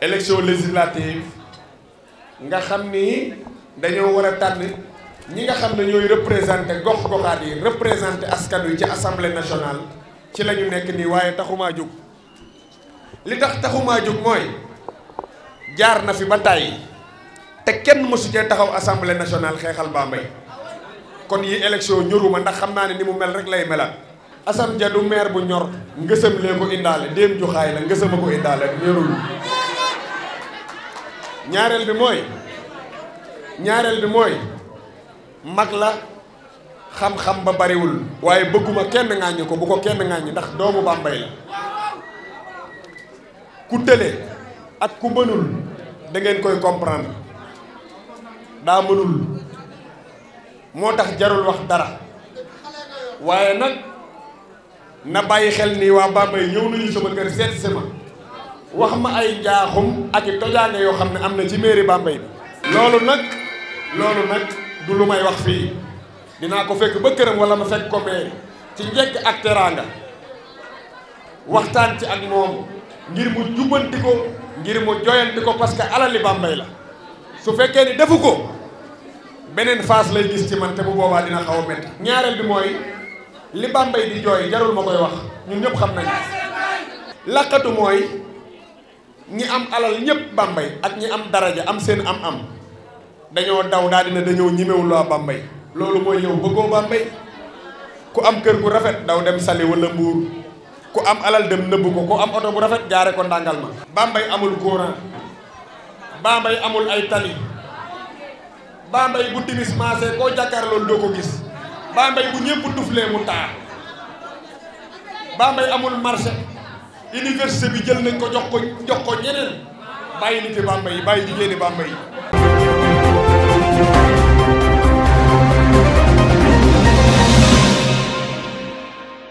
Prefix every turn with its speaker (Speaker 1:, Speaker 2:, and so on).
Speaker 1: élection législative nga xam ni dañoo war a tànn ñi nga xam ne ñooy représenté gox goxaat yi représenté askan wi ci assemblée nationale ci la ñu nekk nii waaye taxumaa jóg li tax taxumaa jóg mooy jaar na fi ba tàyyi te kenn mësu cee taxaw assemblée nationale xeexal Bambey kon yi élection ñoruma ndax xam naa ne ni mu mel rek lay melaat Assane Dia du maire bu ñor ngësam lee ko indaale déem ju xaay la ngësama ko indaale ñorul ñaareel bi mooy ñaareel bi mooy mag la xam-xam ba bariwul waaye bëgguma kenn ŋàññi ko bu ko kenn ŋàññi ndax doomu Bambey la ku tële ak ku mënul dangeen koy comprendre daa mënul moo tax jarul wax dara waaye nag na bàyyi xel nii waa Bambey ñëw nañu sama kër seet si ma wax ma ay njaaxum ak i tojaange yoo xam ne am na ci mairie Bambey bi loolu nag loolu nag du lu may wax fii dinaa ko fekk ba këram walla ma fekk ko mairie ci njekk ak teraanga waxtaan ci ak moom ngir mu jubbanti ko ngir mu joyanti ko parce que alali Bambey la su fekkee ni defu ko beneen phase lay gis ci man te bu boobaa dina xaw a ñaareel bi mooy li Bambey di jooy jarul ma koy wax ñun ñëpp xam nañu laqatu mooy ñi am alal ñëpp Bambey ak ñi am daraja am seen am-am dañoo daw daal dina dañoo ñemewul waa Bambey loolu mooy yow bëggoo Bambey ku am kër bu rafet daw dem Saly wala Mbour ku am alal dem nëbbu ko ku am oto bu rafet jaare ko ndàngal ma Bambey amul courant Bambey amul ay tali Bambey bu timis maasee koo jàkkaarloolu doo ko gis Bambey bu ñëpp tuflee mu taa Bambey amul marché université bi jël nañ ko jox ko jox ko ñeneen bàyyi nit yi Bambey yi bàyyi jigéeni Bambey yi